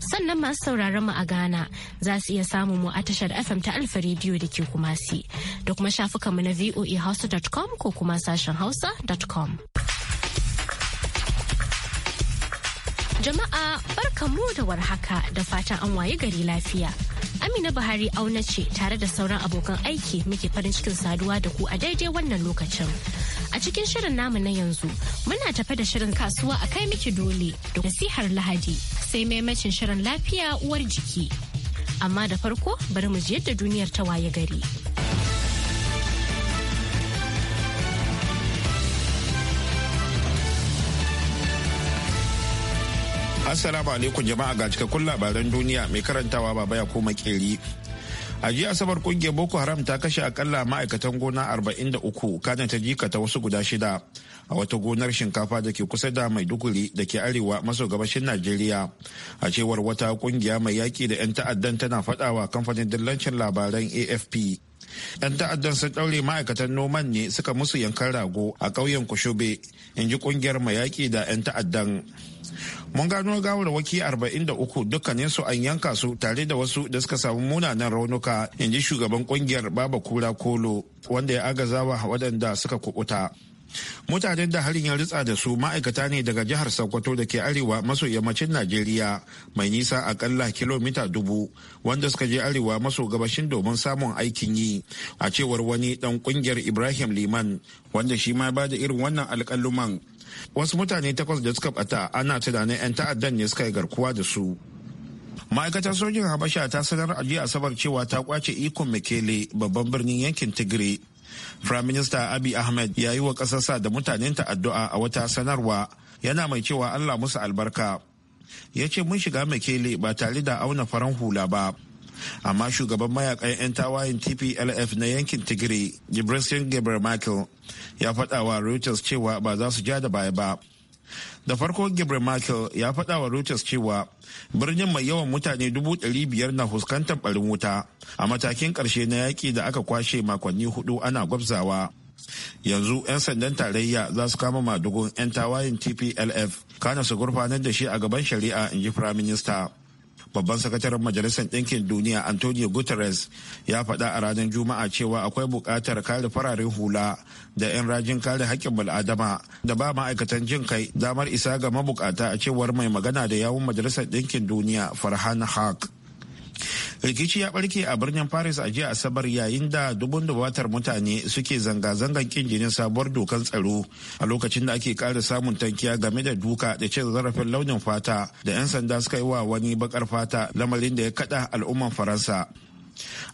sannan masu sauraron mu a Ghana za su iya samun mu a tashar FM ta Alfa Radio da ke Kumasi da kuma mu na voahausa.com ko kuma sashen hausa.com. Jama'a mu da warhaka da fatan an waye gari lafiya. Amina Buhari auna ce tare da sauran abokan aiki muke farin cikin saduwa da ku a daidai wannan lokacin. A cikin shirin namu na yanzu muna tafe da shirin kasuwa a kai miki dole da nasihar Lahadi sai maimacin shirin lafiya uwar jiki. Amma da farko bari mu yadda duniyar ta waye gari. Assalamu alaikum jama'a ga cikakkun labaran duniya mai karantawa baba ya koma keri. a jiya asabar kungiyar boko haram ta kashe akalla ma'aikatan gona arba'in da uku kana ta jikata wasu guda shida a wata gonar shinkafa da ke kusa da maiduguri da ke arewa maso gabashin najeriya a cewar wata kungiya mai yaki da 'yan ta'addan tana faɗawa kamfanin dillancin labaran afp 'yan ta'addan sun ɗaure ma'aikatan noman ne suka musu yankan rago a ƙauyen kushobe in ji kungiyar mai yaki da 'yan ta'addan mun gano gawarwaki 43 dukkaninsu an yanka su tare da wasu da suka samu munanan raunuka in shugaban kungiyar baba kura kolo wanda ya agazawa waɗanda suka kubuta mutanen da harin ya ritsa da su ma'aikata ne daga jihar sokoto da ke arewa maso yammacin najeriya mai nisa akalla kilomita dubu wanda suka je arewa maso gabashin domin samun aikin yi a cewar wani dan kungiyar ibrahim liman wanda shi ma ba da irin wannan alkaluman wasu mutane takwas da suka bata ana tunanin 'yan ta'addan ne suka yi garkuwa da su ma'aikatar sojin habasha ta sanar a jiya asabar cewa ta kwace ikon mekele babban birnin yankin tigray prime minister abi ahmed ya yi wa ƙasarsa da mutanen ta addu'a a wata sanarwa yana mai cewa allah musu albarka ya ce mun shiga mekele ba tare da auna faran hula ba amma shugaban mayakan 'yan tawayen tplf na yankin tigiri gibriskin gabriel michael ya faɗa wa reuters cewa ba za su ja da baya ba da farko gabriel michael ya faɗa wa reuters cewa birnin mai yawan mutane dubu ɗari biyar na fuskantar barin wuta a matakin karshe na yaƙi da aka kwashe makonni hudu ana gwabzawa yanzu 'yan sandan tarayya za su kama madugun 'yan tawayen tplf kana su gurfanar da shi a gaban shari'a in ji firaminista babban sakataren majalisar ɗinkin duniya antonio guterres ya faɗa a ranar juma'a cewa akwai buƙatar kare fararen hula da 'yan rajin kare haƙƙin bal'adama da ba ma'aikatan jin kai damar isa ga mabukata a cewar mai magana da yawun majalisar ɗinkin duniya farhan haq rikici ya barke a birnin paris a jiya asabar yayin da dubun dubatar mutane suke zanga zangan kin jinin sabuwar dokan tsaro a lokacin da ake kara samun tankiya game da duka da cin zarafin launin fata da 'yan sanda suka yi wa wani bakar fata lamarin da ya kada al'umman faransa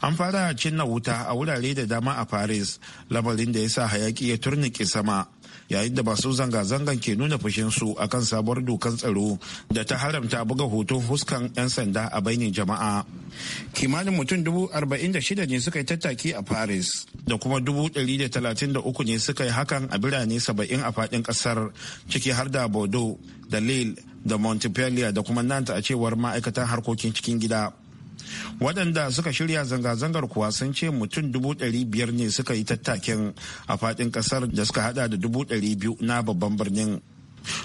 an fara cinna wuta a wurare da dama a paris lamarin da ya sa hayaki ya turnike sama yayin da masu zanga-zangan ke nuna fushinsu kan sabuwar dokar tsaro da ta haramta buga hoton huskan 'yan sanda a bainin jama'a kimanin mutum dubu arba'in da shida ne suka yi tattaki a paris da kuma dubu ɗari da talatin da uku ne suka yi hakan a birane saba'in a faɗin ƙasar ciki har da bordeaux da lille da montpellier da kuma nanta a cewar ma'aikatan harkokin cikin gida waɗanda suka shirya zanga-zangar kuwa sun ce mutum dubu ɗari biyar ne suka yi tattakin a faɗin ƙasar da suka hada da dubu ɗari biyu na babban birnin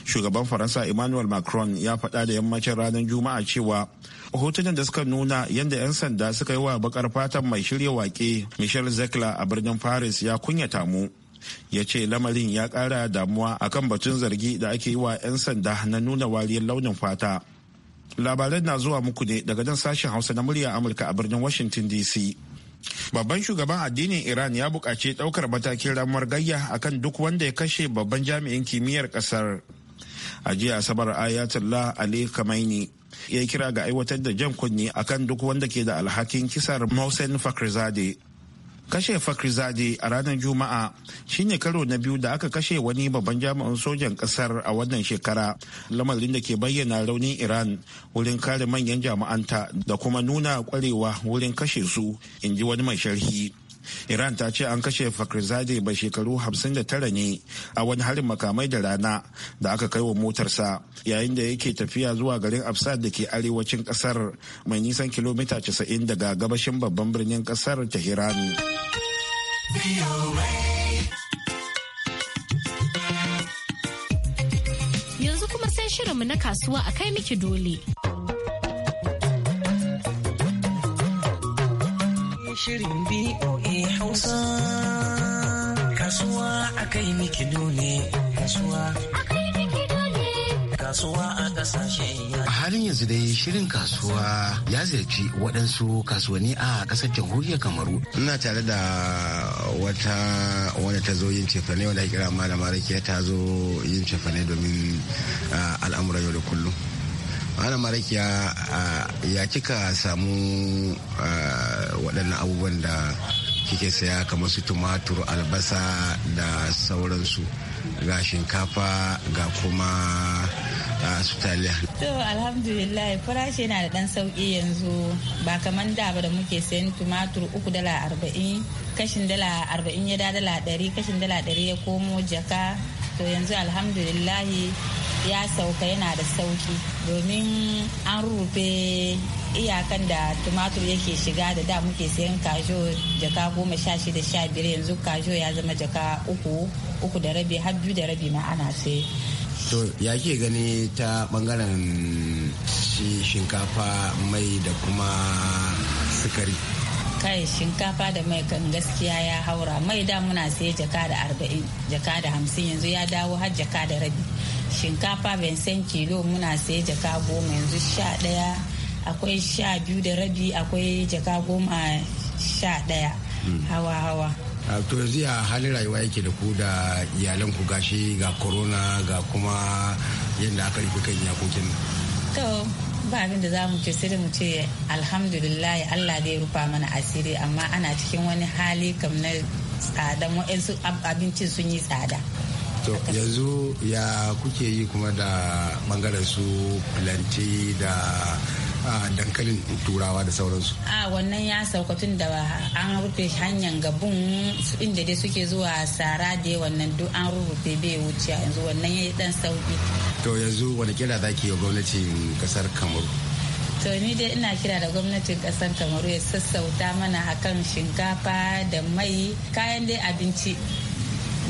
shugaban faransa emmanuel macron ya faɗa da yammacin ranar juma'a cewa hotunan da suka nuna yadda 'yan sanda suka yi wa bakar fatan mai shirya wake michel zekla a birnin paris ya kunyata mu ya ce lamarin ya ƙara damuwa akan batun zargi da ake yi wa 'yan sanda na nuna wariyar launin fata Labarai na zuwa muku ne daga nan sashen hausa na murya amurka a birnin washington dc babban shugaban addinin iran ya buƙaci ɗaukar matakin ramuwar gayya akan duk wanda ya kashe babban jami'in kimiyyar ƙasar a jiya asabar ayatollah ali kamaini ya kira ga aiwatar da jan kunni akan duk wanda ke da alhakin kisar mohsen fakhrizadeh kashe fakrizade a ranar juma'a shine karo na biyu da aka kashe wani babban jami'in sojan kasar a wannan shekara lamarin da ke bayyana raunin iran wurin kare manyan jami'anta da kuma nuna kwarewa wurin kashe su in ji wani mai sharhi iran ta ce an kashe fakhrizade bai shekaru 59 ne a wani harin makamai da rana da aka kai wa motarsa yayin da yake tafiya zuwa garin afsad da ke arewacin kasar mai nisan kilomita 90 daga gabashin babban birnin kasar tehran yanzu kuma sai shirinmu na kasuwa a kai miki dole shirin BOA hausa kasuwa akai miki dole kasuwa a halin yanzu dai shirin kasuwa ya ziyarci waɗansu kasuwanni a ƙasar jamhuriyar Kamaru. Ina tare da wata wanda ta zo yin cefane wadda kira malama rakiya ta zo yin cefane domin al'amuran yau da kullum. malama rakiya ya kika samu waɗannan abubuwan da kike saya kamar su tumatur albasa da sauransu ga shinkafa ga kuma su taliya. To alhamdulillah farashi yana da dan sauki yanzu ba kamar da ba da muke sayan tumatur uku dala arba'in kashin dala arba'in ya da dala dari kashin dala dari ya komo jaka to yanzu alhamdulillah ya sauka yana da sauki domin an rufe iyakan da tumatur yake shiga da da muke sayan kajo jaka goma sha shida sha biyar yanzu kajo ya zama jaka uku uku da rabi har biyu da rabi ma ana sai to ya ke gani ta bangaren shinkafa mai da kuma sukari kai shinkafa da mai kan gaskiya ya haura mai da muna sai jaka da arba'in jaka da hamsin yanzu ya dawo har jaka da rabi shinkafa vincent kilo muna sai jaka goma yanzu sha daya akwai sha biyu da rabi akwai jaka goma sha daya hmm. hawa hawa to yanzu ya halin rayuwa yake da ku da iyalan ku gashi ga corona ga kuma yadda aka rufe kan iyakokin to ba abin da za mu ce sai mu ce alhamdulillah Allah ya rufa mana asiri amma ana cikin wani hali kam na tsada abincin sun yi tsada to yanzu ya kuke yi kuma da bangaren su planti da dankalin turawa da sauransu. A wannan ya sauka tun da an rufe hanyar gabun inda dai suke zuwa sara da wannan duk an rufe bai wuce yanzu wannan ya dan sauki. To yanzu wani kira za ki yi gwamnatin kasar Kamaru? To ni dai ina kira da gwamnatin kasar Kamaru ya sassauta mana akan shinkafa da mai kayan dai abinci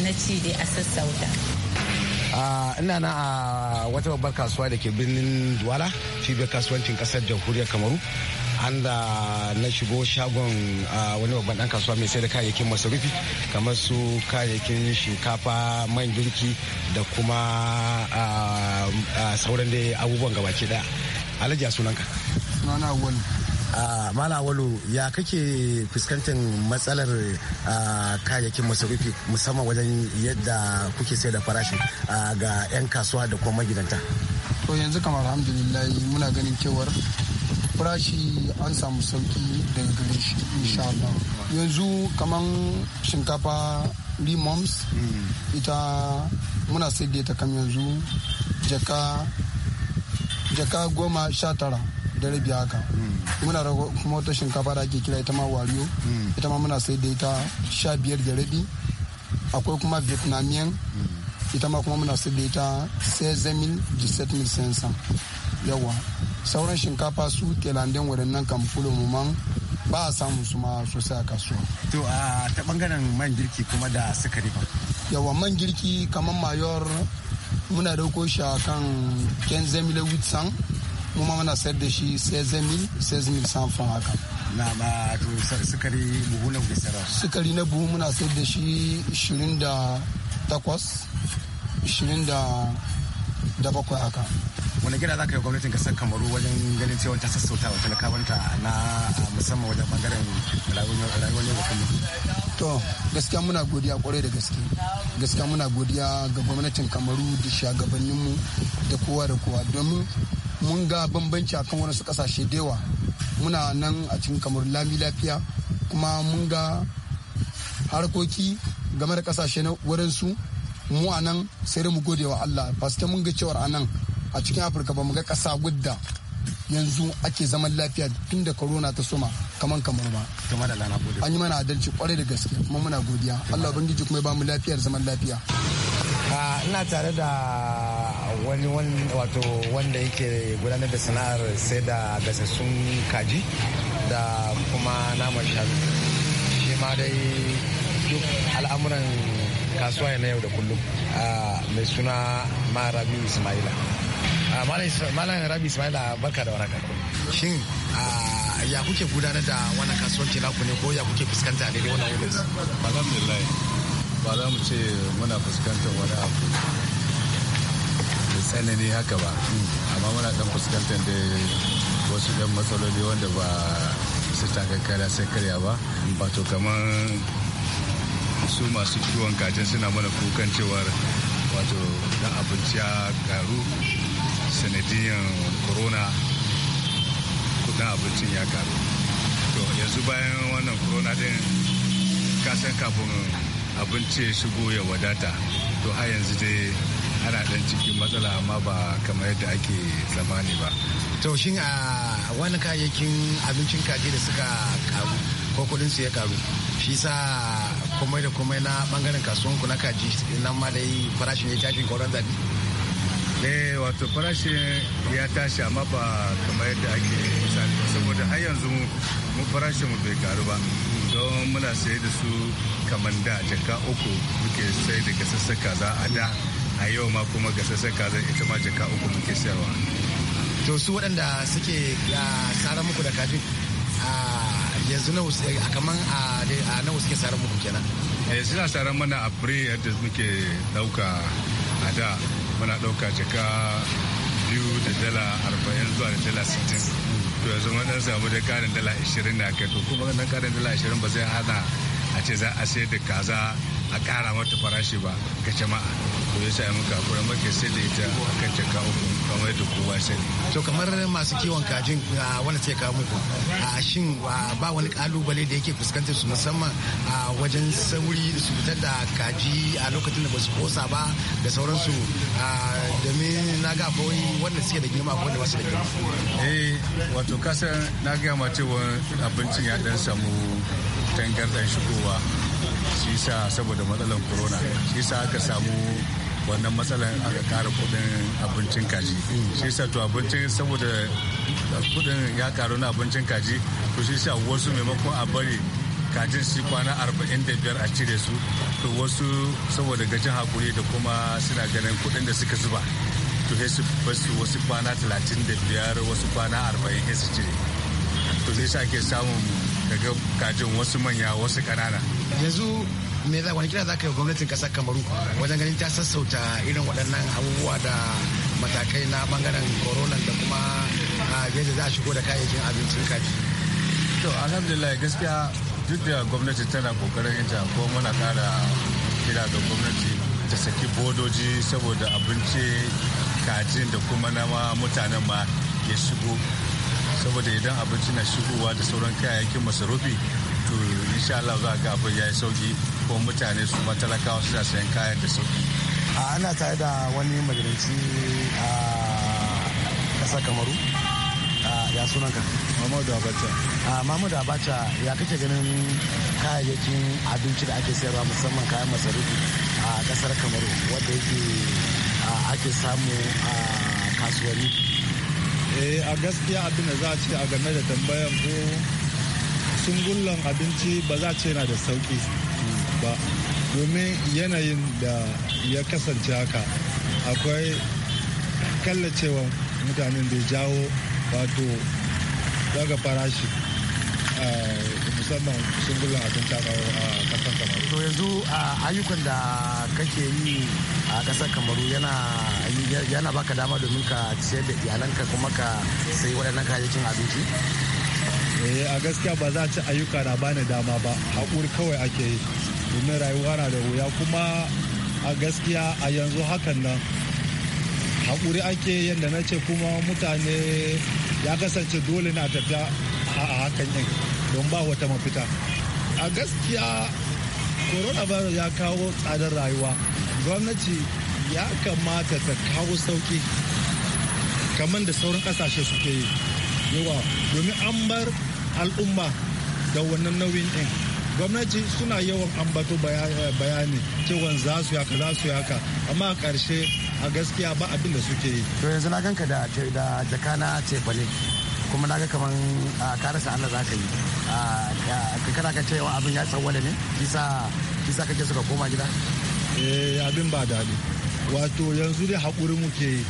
na ci dai a sassauta ina na a wata babbar kasuwa da ke birnin duwala cibiyar kasuwancin kasar jamhuriyar kamaru an da na shigo shagon wani babban dan kasuwa mai sai da kayayyakin masarufi kamar su kayayyakin shinkafa man girki da kuma sauran da abubuwan gabaki daya alhaji sunanka sunana wani Walo ya kake fuskantar matsalar kayayyakin masarufi musamman wajen yadda kuke sai da farashi ga 'yan kasuwa da kuma magidanta to yanzu kamar alhamdulillah muna ganin cewar farashi an samu sauki daga gare insha yanzu kamar shinkafa limoms mm. ita muna sai da ta kam yanzu jaka goma sha tara dare biya haka muna da kuma wata shinkafa da ake kira ita ma wariyo ita ma muna sai da ita sha biyar da rabi akwai kuma vietnamian ita ma kuma muna sai da ita sezemin jisetmin sensa yawa sauran shinkafa su telandin waɗannan kamfulo mu man ba a samu su ma sosai a kasuwa. To a ta bangaren man girki kuma da sukari ba. Yawa man girki kamar mayor muna dauko shi a kan kenzemile witsan mu ma muna sayar da shi 16,000 16,000 francs haka na ma to sukari buhu na kuke sayarwa sukari na buhu muna sayar da shi 28 27 haka wani gida za ka yi gwamnatin kasar kamaru wajen ganin cewa ta sassauta wa talakawanta na musamman wajen bangaren rayuwar yau da kullum to gaskiya muna godiya kwarai da gaske gaskiya muna godiya ga gwamnatin kamaru da shugabanninmu da kowa da kowa domin mun ga bambanci akan wani kasashe da yawa muna nan a cikin kamar lami lafiya kuma mun ga harkoki game da kasashe na wurinsu mu a nan sai mu gode wa Allah ba su ta mun ga cewar a nan a cikin afirka ba mu ga kasa gudda yanzu ake zaman lafiya tun da corona ta soma kaman kamar ba an yi mana adalci kwarai da gaske kuma muna godiya Allah ubangiji kuma ya ba mu lafiyar zaman lafiya ah, ina tare da wani wato wanda yake gudanar da sana'ar sai da gasassun kaji da kuma naman shanu shi ma dai duk al'amuran kasuwa na yau da kullum mai suna ma rabi ismaila malam rabi ismaila barka da waraka shin ya kuke gudanar da wannan kasuwanci naku ne ko ya kuke fuskanta ne wannan wurin alhamdulillah ba za mu ce muna fuskantar wani abu tsanani haka ba amma muna dan fuskantar da wasu dan matsaloli wanda ba su taka sai karya ba wato kamar su masu kiwon kajin suna mana kukan cewar wato dan abinci ya karu sanadiyan corona kudin abincin ya karu to yanzu bayan wannan corona din kasan kafin abinci ya shigo ya wadata to har yanzu dai ana dan cikin matsala amma ba kamar yadda ake zamani ba to shi a wani kayayyakin abincin kaji da suka karu ko kudin su ya karu shi sa komai da komai na bangaren kasuwan ku na kaji nan ma dai farashin ya tashi koran zabi eh wato farashin ya tashi amma ba kamar yadda ake misali saboda har yanzu mu farashin mu bai karu ba don muna sayar da su kamar da jaka uku muke sai da gasassar kaza a da a yau ma kuma gasashen kaza ita ma jaka uku muke sayarwa to su waɗanda suke tsara muku da kajin yanzu na a kaman a nawa suke tsara muku kenan eh suna tsara mana a fure yadda muke ɗauka a da muna ɗauka jaka biyu da dala arba'in zuwa da dala sittin to yanzu mun ɗan samu da karin dala ashirin na kai to kuma nan karin dala ashirin ba zai hana a ce za a sayar da kaza a kara mata farashi ba ga jama'a to yasa muka kura muke sai da ita akan jaka uku kamar da kowa sani to kamar masu kiwon kajin wanda sai kawo muku a shin ba wani kalubale da yake fuskantar su musamman a wajen sauri su fitar da kaji a lokacin da ba su kosa ba da sauransu domin na ga akwai wanda suke da girma ko wanda ba su da girma eh wato kasan na gaya ma cewa abincin ya dan samu tangardan shigowa shi sa saboda matsalar corona shi sa aka samu wannan matsalar aka kara kudin abincin kaji shi sa to abincin saboda kudin ya karu na abincin kaji to shi sa wasu maimakon a bari kajin shi kwana 45 a cire su to wasu saboda gajin hakuri da kuma suna ganin kudin da suka zuba to sai su basu wasu kwana 35 wasu kwana 40 sai su cire to sai sa ke samun daga kajin wasu manya wasu kanana yanzu me za wani kira za ka yi gwamnatin kasar kamaru wajen ganin ta sassauta irin waɗannan abubuwa da matakai na bangaren corona da kuma ah, yadda za a shigo da kayayyakin abincin kaji to alhamdulillah gaskiya duk da gwamnati tana kokarin ita ko muna kara kira ga gwamnati ta saki bodoji saboda abinci kajin da kuma nama mutanen ma ya shigo saboda idan abinci na shigowa da sauran kayayyakin masarufi to insha Allah za ga abin yayi sauki ko mutane su matalakawa suna sayan kayan da sauki a ana tare da wani majalisi a kasar kamaru ya sunan ka mamadu Abacha a mamadu Abacha ya kake ganin kayayyakin abinci da ake sayarwa musamman kayan masarufi a kasar kamaru wadda yake ake samu a kasuwanni eh a gaskiya abin da za a ce a game da tambayan ko sungullan abinci ba za a ce na da sauki ba domin yanayin da ya kasance haka akwai kallacewa mutanen da ya jawo wato daga farashi ah, musamman shingulan abin takawa a kasar kamaru to yanzu ayyukan da kake yi a kasar kamaru yana yana baka dama domin ka ciyar da iyalanka kuma ka sayi waɗannan kayayyakin abinci eh a gaskiya ba za a ci ayyuka na bani dama ba haƙuri kawai ake yi domin rayuwa na da wuya kuma a gaskiya a yanzu hakan nan haƙuri ake yadda na ce kuma mutane ya kasance dole na tafiya a hakan yin don ba wata mafita a gaskiya coronavirus ya kawo tsadar rayuwa gwamnati ya kamata ta kawo sauki kamar da sauran kasashe suke yi yawa domin an bar al'umma da wannan nauyin din gwamnati suna yawan ambato eh, bayani cewa za su yaka za su yaka amma a karshe a gaskiya ba abin da suke yi to yanzu na ganka da jaka na cefane kuma na ga kamar ah, karasa Allah za ka yi ah, kana ka cewa abin ya tsawwala ne kisa kisa kake suka koma gida eh abin ba daɗi wato yanzu dai haƙuri muke yi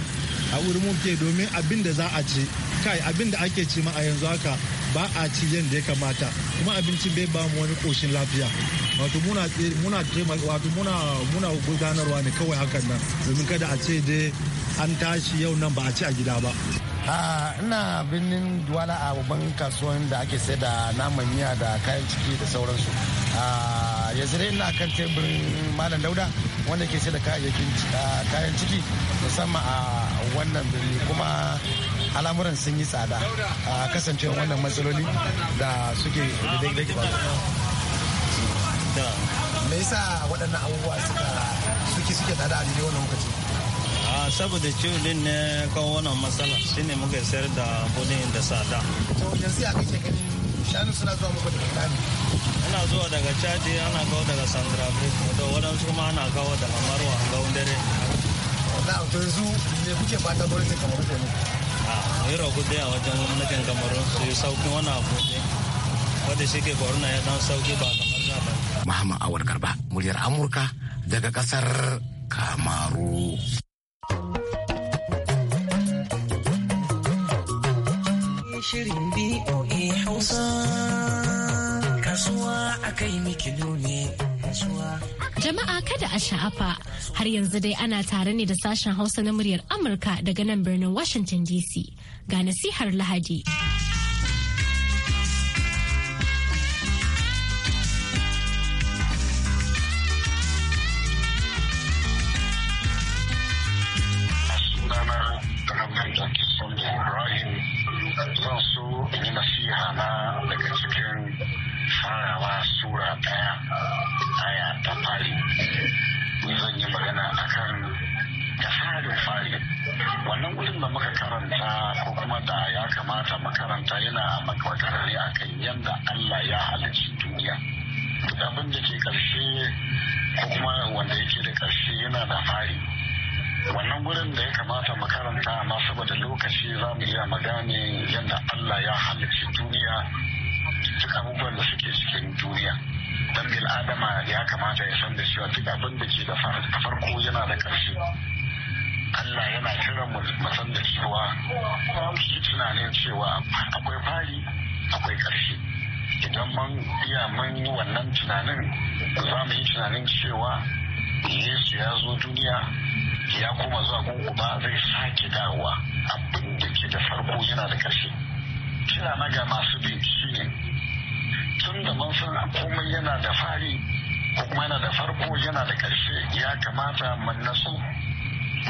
haƙuri muke domin abin da za a ci kai abin da ake ci ma a yanzu haka ba a ci yadda ya kamata kuma abincin bai ba mu wani ƙoshin lafiya wato muna muna wato muna muna gudanarwa ne kawai hakan nan domin kada a ce dai an tashi yau nan ba a ci a gida ba ina birnin duwala a babban kasuwan da ake sai da naman miya da kayan ciki da sauransu yanzu dai ina kan teburin malam dauda wanda ke sai da ah, kayan ciki musamman a wannan birni kuma al'amuran sun yi tsada a kasancewa wannan matsaloli da suke da me yasa waɗannan abubuwa suke suke tsada a daidai wannan lokaci a ah, saboda ciwon ne kawo wannan matsala shi ne muka sayar da bodin da sada to yanzu ya kai shekaru shanu suna zuwa muku da kitani ana zuwa daga chadi ana kawo daga sandra bridge da waɗansu kuma ana kawo daga marwa ga wundare. na to yanzu me kuke fata gwamnatin kamar da ne a yi ah, ragu a wajen gwamnatin kamaru su yi sauƙin wani abu ne wadda shi ke koruna ya dan sauƙi ba kamar za ba. Muhammad awar Garba, muryar Amurka daga ƙasar Kamaru. shirin BOA Hausa. Kasuwa a kai ne. Jama'a kada a sha'afa har yanzu dai ana tare ne da sashen Hausa na muryar Amurka daga nan birnin Washington DC ga nasihar Lahadi. wannan gudun da muka karanta ko kuma da ya kamata makaranta yana magwatarare a kan yadda Allah ya halicci duniya abin da ke ƙarshe ko kuma wanda yake da karshe yana da fari wannan wurin da ya kamata makaranta amma saboda lokaci za mu iya magane yadda Allah ya halicci duniya duk abubuwan da suke cikin duniya dan bil adama ya kamata ya san da cewa duk abin da ke da farko yana da ƙarshe Allah yana kiran mu san da cewa shi tunanin cewa akwai fari akwai ƙarshe idan mun iya mun yi wannan tunanin za mu yi tunanin cewa Yesu ya zo duniya ya kuma zuwa kuma zai sake dawowa abin da ke da farko yana da ƙarshe kira na ga masu bin shi ne tun da mun san komai yana da fari kuma yana da farko yana da ƙarshe ya kamata mun naso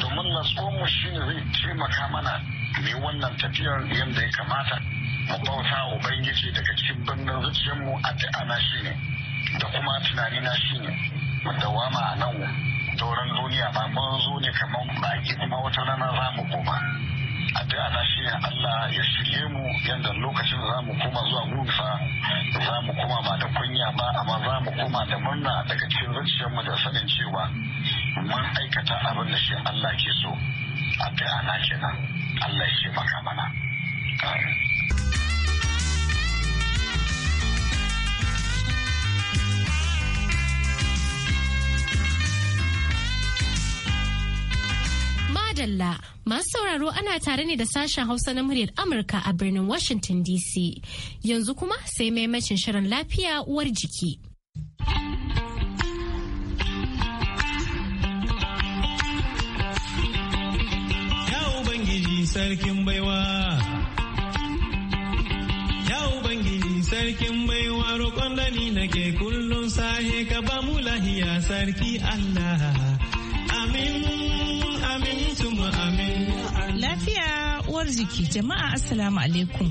domin natsuwanmu shi ne zai taimaka mana ne wannan tafiyar yadda ya kamata mu bauta ubangiji daga cikin birnin zuciyarmu addu'a na shi ne da kuma tunani na shi ne dawama a nan doron duniya ba mun zo ne kamar baki kuma wata rana za mu koma addu'a na shi Allah ya shirye mu yanda lokacin da zamu koma zuwa gunsa zamu koma ba da kunya ba amma mu koma da murna daga cikin zuciyar mu da sanin cewa mun aikata abin da shi Allah ke so addu'a na kenan Allah ya shi maka mana Madalla masu sauraro ana tare ne da sashen Hausa na muryar Amurka a birnin Washington DC. Yanzu kuma sai maimacin shirin lafiya uwar jiki. Ya Ubangiji sarkin baiwa. Ya Ubangiji sarkin baiwa roƙon da nake kullum sahe ka ba mu lahiya sarki Allah. Amin. Lafiya uwar jiki jama'a assalamu alaikum.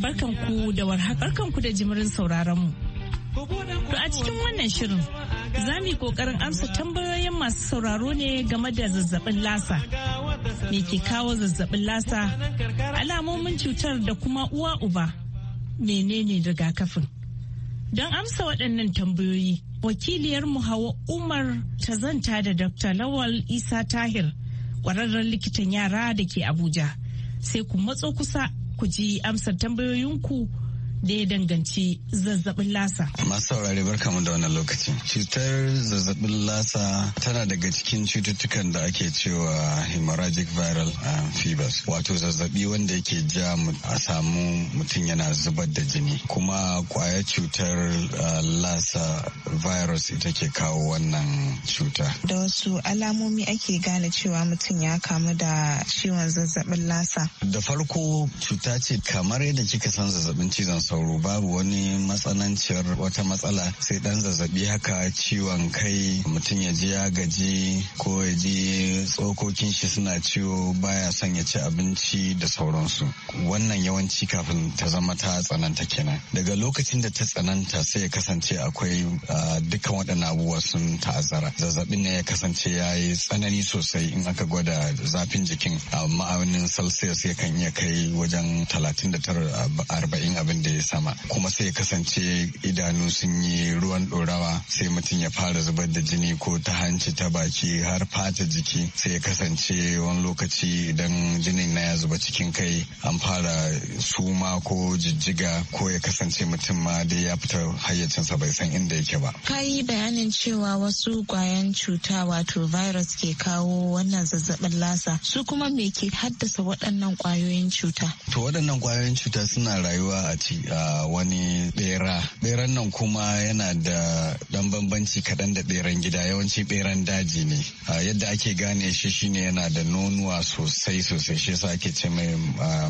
Barkanku da warhaka barkanku da jimirin sauraron mu. To a cikin wannan shirin za mu yi kokarin amsa tambayoyin masu sauraro ne game da zazzabin lasa. Me ke kawo zazzabin lasa? Alamomin cutar da kuma uwa uba. Menene rigakafin? Don amsa waɗannan tambayoyi, wakiliyar mu Hawa Umar ta zanta da Dr. Lawal Isa Tahir kwararren likitan yara da ke Abuja. Sai ku matso kusa ku ji amsar tambayoyinku da ya danganci zazzabin lasa. Masu saurare barkamu da wannan lokaci. Cutar zazzabin lasa tana daga cikin cututtukan da ake cewa hemorrhagic viral um, fevers wato zazzabi wanda yake ja a samu mutum yana zubar da jini kuma kwaya cutar uh, lasa virus ita ke kawo wannan cuta. Da wasu alamomi ake gane cewa mutum ya kamu da ciwon zazzabin lasa. Da farko cuta ce kamar yadda kika san zazzabin cizon sauro babu wani matsananciyar wata matsala sai dan zazzabi haka ciwon kai mutum ya ji ya gaji ko ya ji tsokokin shi suna ciwo baya son ya ci abinci da sauransu wannan yawanci kafin ta zama ta tsananta kenan daga lokacin da ta tsananta sai ya kasance akwai dukkan waɗannan abubuwa sun ta'azzara zazzabin ne ya kasance ya yi tsanani sosai in aka gwada zafin jikin a ma'aunin celsius yakan iya kai wajen talatin da tara arba'in abin da ya sama kuma sai ya kasance idanu sun yi ruwan ɗorawa sai mutum ya fara zubar da jini ko ta hanci ta baki har fata jiki sai ya kasance wani lokaci idan jinin na ya zuba cikin kai an fara suma ko jijjiga ko ya kasance mutum ma dai ya fita hayyacinsa bai san inda yake ba. Ka yi bayanin cewa wasu kwayan cuta wato virus ke kawo wannan zazzabin lasa su kuma me ke haddasa waɗannan kwayoyin cuta? To waɗannan kwayoyin cuta suna rayuwa a da wani bera beran nan kuma yana da dan bambanci kaɗan da beran gida yawanci beran daji ne yadda ake gane shi shine yana da nonuwa sosai sosai shi yasa ake ce mai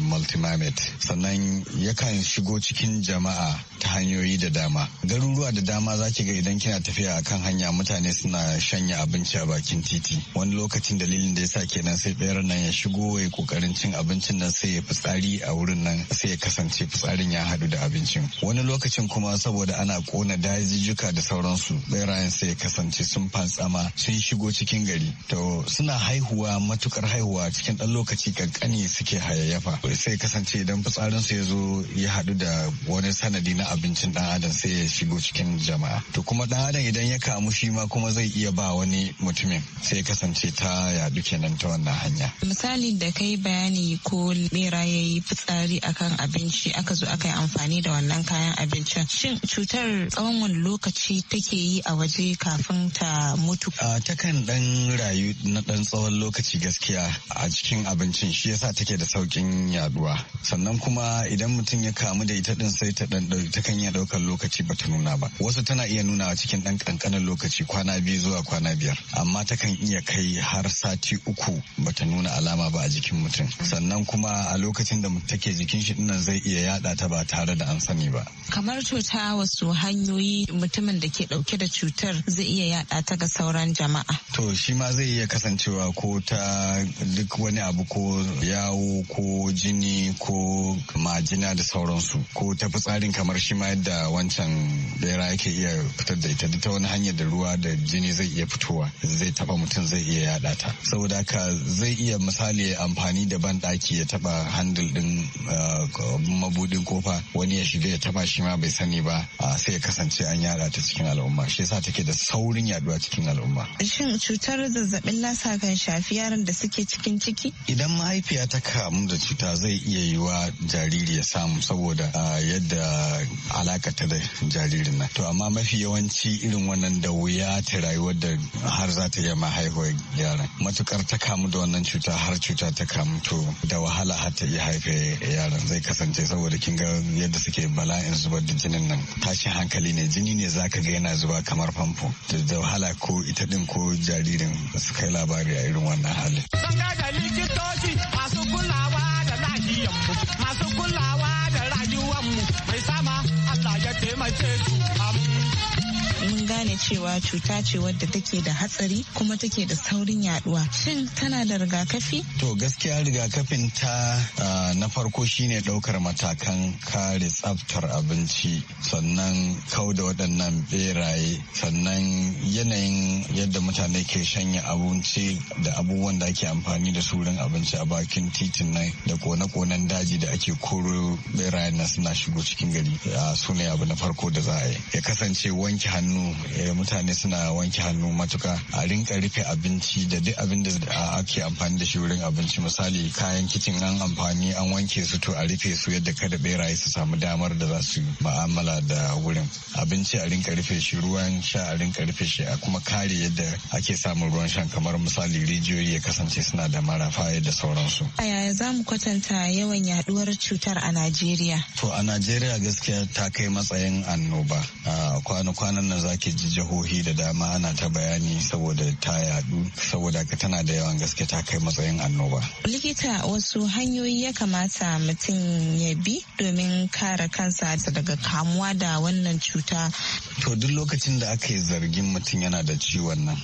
multimamet sannan yakan shigo cikin jama'a ta hanyoyi da dama garuruwa da dama za ki ga idan kina tafiya a kan hanya mutane suna shanya abinci a bakin titi wani lokacin dalilin da yasa kenan sai beran nan ya shigo ya kokarin cin abincin nan sai ya fitsari a wurin nan sai ya kasance fitsarin ya hadu. da abincin wani lokacin kuma saboda ana kona dajijjuka da sauransu berayen sai kasance sun fantsama sun shigo cikin gari to suna haihuwa matukar haihuwa cikin dan lokaci kankani suke hayayyafa sai kasance idan fitsarin su ya zo ya haɗu da wani sanadi na abincin dan adam sai ya shigo cikin jama'a to kuma dan adam idan ya kamu shi ma kuma zai iya ba wani mutumin sai kasance ta yadu kenan ta wannan hanya misali da kai bayani ko mera yayi fitsari akan abinci aka zo aka yi amfani amfani da wannan kayan abincin shin cutar tsawon wani lokaci take yi a waje kafin ta mutu takan dan rayu na ɗan tsawon lokaci gaskiya a cikin abincin shi yasa take da saukin yaduwa sannan kuma idan mutum ya kamu da ita din sai ta dan takan iya daukar lokaci bata nuna ba wasu tana iya nuna a cikin ɗan kankanin lokaci kwana biyu zuwa kwana biyar amma takan iya kai har sati uku bata nuna alama ba a jikin mutum sannan kuma a lokacin da take jikin shi ɗinnan zai iya yaɗa ta ba ta tare da an sani ba. Kamar cuta wasu hanyoyi mutumin da ke dauke da cutar zai iya yada ta ga sauran jama'a. To shi ma zai iya kasancewa ko ta duk wani abu ko yawo ko jini ko majina da sauransu ko ta fitsarin kamar shi ma yadda wancan bera yake iya fitar da ita ta wani hanyar da ruwa da jini zai iya fitowa zai taba mutum zai iya yada ta. Saboda haka zai iya misali amfani da ban daki ya taba handle din eh, mabudin kofa wani ya shiga ya taba shi ma bai sani ba sai ya kasance an yada ta cikin al'umma shi yasa take da saurin yaduwa cikin al'umma shin cutar zazzabin lasa kan shafi yaran da suke cikin ciki idan mahaifiya ta kamu da cuta zai iya yiwa jariri ya samu saboda yadda alaka ta da jaririn nan to amma mafi yawanci irin wannan da wuya ta rayuwar da har za ta iya mahaihuwar yaran matukar ta kamu da wannan cuta har cuta ta kamu to da wahala har ta iya haife yaran zai kasance saboda kin ga yadda suke bala'in zubar da jinin nan tashin hankali ne jini ne zaka ga yana zuba kamar famfo da wahala ko ita din ko jaririn su kai labari a irin wannan halin. likitoci masu kulawa da lahiyanmu masu kulawa da mu mai sama Allah ya taimake su gane cewa cuta ce wadda take da hatsari kuma take da saurin yaduwa shin tana da rigakafi to gaskiya rigakafin ta na farko shine daukar matakan kare tsaftar abinci sannan kau da waɗannan beraye sannan yanayin yadda mutane ke shanya abinci da abubuwan da ake amfani da su abinci a bakin titin nan da kone-konen daji da ake koro berayen na suna shigo cikin gari su ne abu na farko da za a yi ya kasance wanke hannu Eh, mutane suna wanke hannu matuka a rinka rufe abinci da duk abin da ake amfani da shi wurin abinci misali kayan kicin an amfani an wanke su to a rufe su yadda kada beraye su samu damar da za su ma'amala da wurin abinci a rinka rufe shi ruwan sha a rinka rufe shi a kuma kare yadda ake samun ruwan shan kamar misali rijiyoyi ya kasance suna da marafa da sauransu. A yaya za mu kwatanta yawan yaduwar cutar a Najeriya? To a Najeriya gaskiya ta kai matsayin annoba. A kwana-kwanan nan zaki jihohi da dama ana ta bayani saboda ta yadu saboda ka tana da yawan gaske ta kai matsayin annoba. Likita wasu hanyoyi ya kamata mutum ya bi domin kare kansa daga kamuwa da wannan cuta. To duk lokacin da aka yi zargin mutum yana da ciwon nan,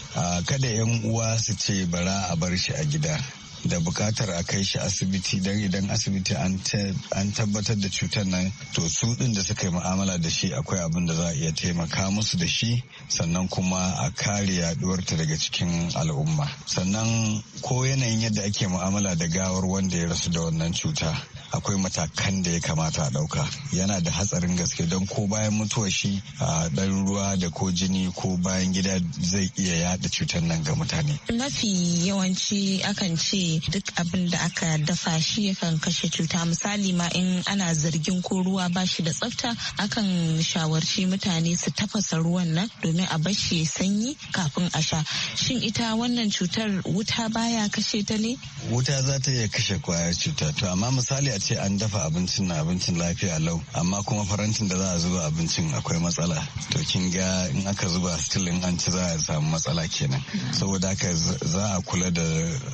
kada 'yan uwa su ce bara a bar shi a gida. da bukatar a kai shi asibiti don idan asibiti an tabbatar da cutar nan to su din da suka yi mu'amala da shi akwai abin da za a iya taimaka musu da shi sannan kuma a kare yaduwarta daga cikin al'umma sannan ko yanayin yadda ake mu'amala da gawar wanda ya rasu da wannan cuta akwai matakan da ya kamata a ɗauka yana da hatsarin gaske don ko bayan mutuwa shi a ɗan ruwa da ko jini ko bayan gida zai iya yaɗa cutar nan ga mutane mafi yawanci akan ce duk abin da aka dafa shi yakan kashe cuta misali ma in ana zargin ko ruwa ba shi da tsafta akan shawarci mutane su tafasa ruwan nan domin a bar shi sanyi kafin a sha shin ita wannan cutar wuta baya kashe ta ne wuta za ta iya kashe kwayar cuta to amma misali a ce an dafa abincin na abincin lafiya lau amma kuma farantin da za a zuba abincin akwai matsala to kin ga in aka zuba still in an ci za a samu matsala kenan saboda haka za a kula da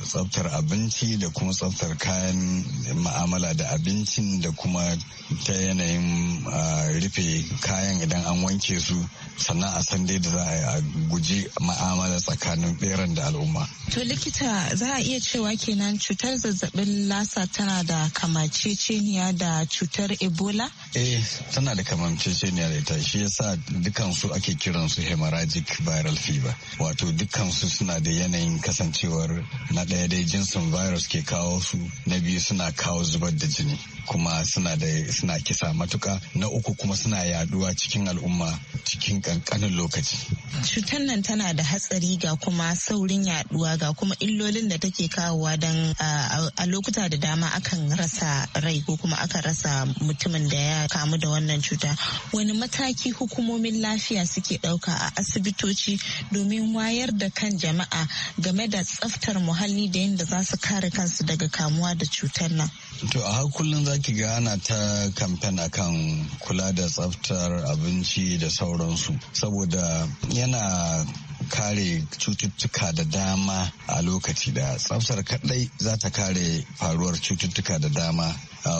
tsaftar abinci da kuma tsaftar kayan ma'amala da abincin da kuma ta yanayin rufe kayan idan an wanke su sannan a san dai da za a guji ma'amala tsakanin beran da al'umma. To likita za a iya cewa kenan cutar zazzabin lasa tana da kama kamanceceniya da cutar ebola? eh tana da kamanceceniya da ita shi yasa dukansu ake kiran su hemorrhagic viral fever wato dukansu suna da yanayin kasancewar na ɗaya dai jinsin virus ke kawo su na biyu suna kawo zubar da jini kuma suna da suna kisa matuka na uku kuma suna yaduwa cikin al'umma cikin kankanin lokaci. Cutar nan tana da hatsari ga kuma saurin yaduwa ga kuma illolin da take kawowa don a lokuta da dama akan rasa rai ko kuma aka rasa mutumin da ya kamu da wannan cuta wani mataki hukumomin lafiya suke ɗauka a asibitoci domin wayar da kan jama'a game da tsaftar muhalli da yadda za su kare kansu daga kamuwa da cutar nan. To a har kullum za ki ga ana ta kamfen akan kula da tsaftar abinci da sauransu saboda yana kare cututtuka da dama a lokaci da tsaftar kadai za ta kare faruwar cututtuka da dama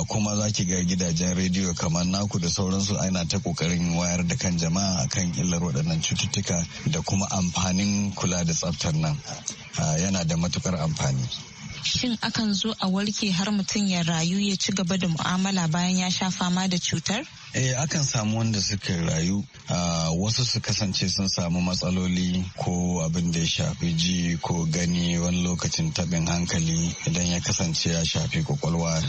kuma za ki ga gidajen rediyo kamar naku da sauransu ana ta kokarin wayar da kan jama'a akan illar waɗannan cututtuka da kuma amfanin kula da tsaftar nan yana da matukar amfani shin akan zo a warke har mutum ya rayu ya ci gaba da mu'amala bayan ya sha fama da cutar eh akan samu wanda suka rayu a wasu su kasance sun samu matsaloli ko abin da ya shafi ji ko gani wani lokacin tabin hankali idan ya kasance ya shafi kwakwalwa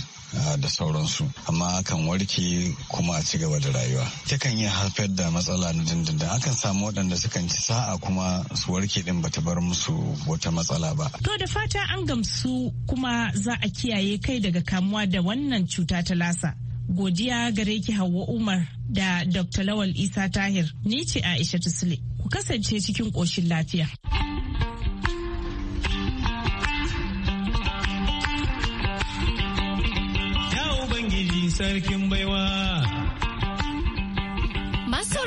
da sauransu amma akan warke kuma a ci gaba da rayuwa takan yi haifar da matsala na dindindin akan samu waɗanda sukan ci sa'a kuma su warke din bata bar musu wata matsala ba to da fata an gamsu kuma za a kiyaye kai daga kamuwa da wannan cuta ta lasa Godiya gare ki Hauwa Umar da Dr. Lawal Isa Tahir. Ni ce Aisha Tusle. Ku kasance cikin ƙoshin lafiya. sarkin baiwa.